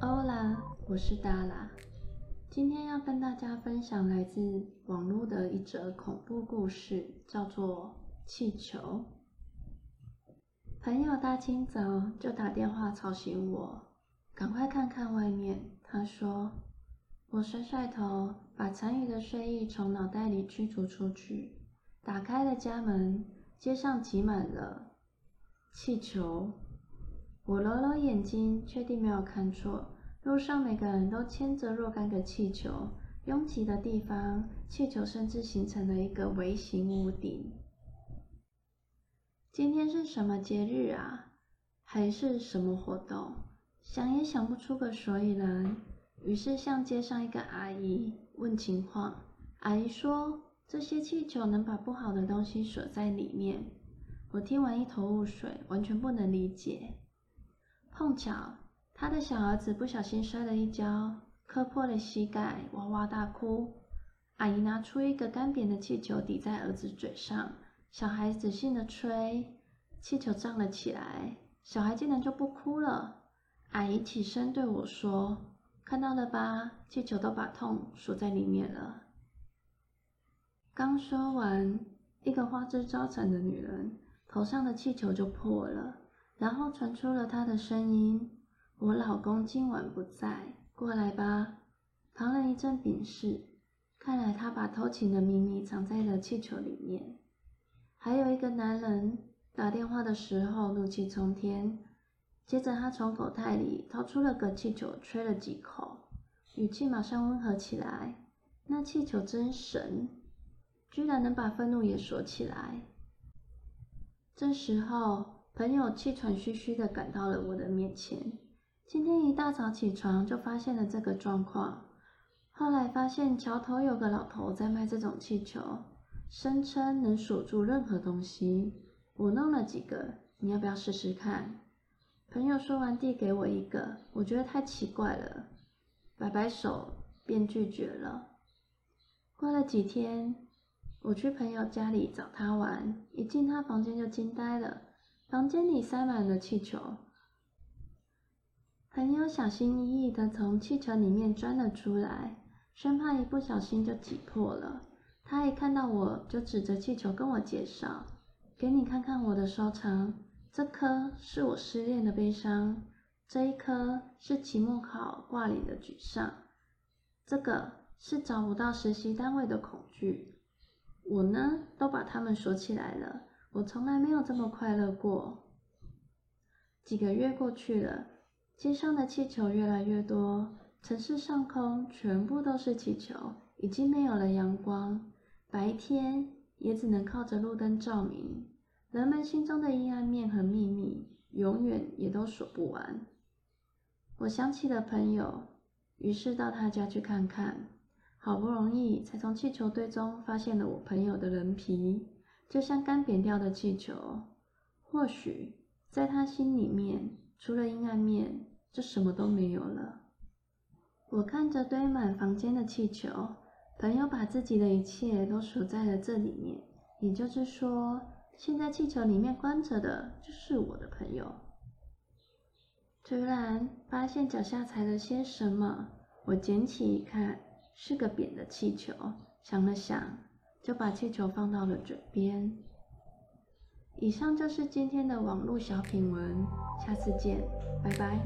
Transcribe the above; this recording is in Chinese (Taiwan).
歐啦，我是達拉。今天要跟大家分享來自網絡的一則恐怖故事，叫做《氣球》。朋友大清早就打電話吵醒我，趕快看看外面。他說：“我甩甩頭，把殘餘的睡意從腦袋裡驅逐出去，打開了家門，街上擠滿了氣球。”我揉揉眼睛，確定沒有看錯。路上每個人都牽着若干個氣球，擁擠的地方，氣球甚至形成了一個微型屋頂。今天是什麼節日啊？還是什麼活動？想也想不出個所以然。於是向街上一個阿姨問情況。阿姨說：“這些氣球能把不好的東西鎖在裡面。”我聽完一頭霧水，完全不能理解。碰巧，他的小兒子不小心摔了一跤，磕破了膝蓋，哇哇大哭。阿姨拿出一個乾癟的氣球抵在兒子嘴上，小孩仔細的吹，氣球脹了起來，小孩竟然就不哭了。阿姨起身對我說：“看到了吧，氣球都把痛鎖在裡面了。”剛說完，一個花枝招展的女人頭上的氣球就破了。然後傳出了他的聲音：“我老公今晚不在，過來吧。”旁人一陣鄙視，看來他把偷情的秘密藏在了氣球裡面。還有一個男人打電話的時候怒氣沖天，接着他從口袋裡掏出了個氣球，吹了幾口，語氣馬上溫和起來。那氣球真神，居然能把憤怒也鎖起來。這時候，朋友氣喘吁吁的趕到了我的面前。今天一大早起床就發現了這個狀況。後來發現橋頭有個老頭在賣這種氣球，聲稱能鎖住任何東西。我弄了幾個，你要不要試試看？朋友說完遞給我一個，我覺得太奇怪了，擺擺手便拒絕了。過了幾天，我去朋友家裡找他玩，一進他房間就驚呆了。房間裡塞滿了氣球，朋友小心翼翼的從氣球裡面鑽了出來，生怕一不小心就擠破了。他一看到我就指着氣球跟我介紹：“給你看看我的收藏，這顆是我失戀的悲傷，這一顆是期末考掛臉的沮喪，這個是找不到實習單位的恐懼。我呢，都把它們鎖起來了。”我從來沒有這麼快樂過。幾個月過去了，街上的氣球越來越多，城市上空全部都是氣球，已經沒有了陽光，白天也只能靠着路燈照明。人們心中的陰暗面和秘密，永遠也都數不完。我想起了朋友，於是到他家去看看。好不容易才從氣球堆中發現了我朋友的人皮。就像乾扁掉的氣球，或許在他心裡面，除了陰暗面，就什麼都沒有了。我看着堆滿房間的氣球，朋友，把自己的一切都鎖在了這裡面。也就是說，現在氣球裡面關着的就是我的朋友。突然發現腳下踩了些什麼，我撿起一看，是個扁的氣球。想了想。就把氣球放到了嘴邊。以上就是今天的網絡小品文，下次見，拜拜。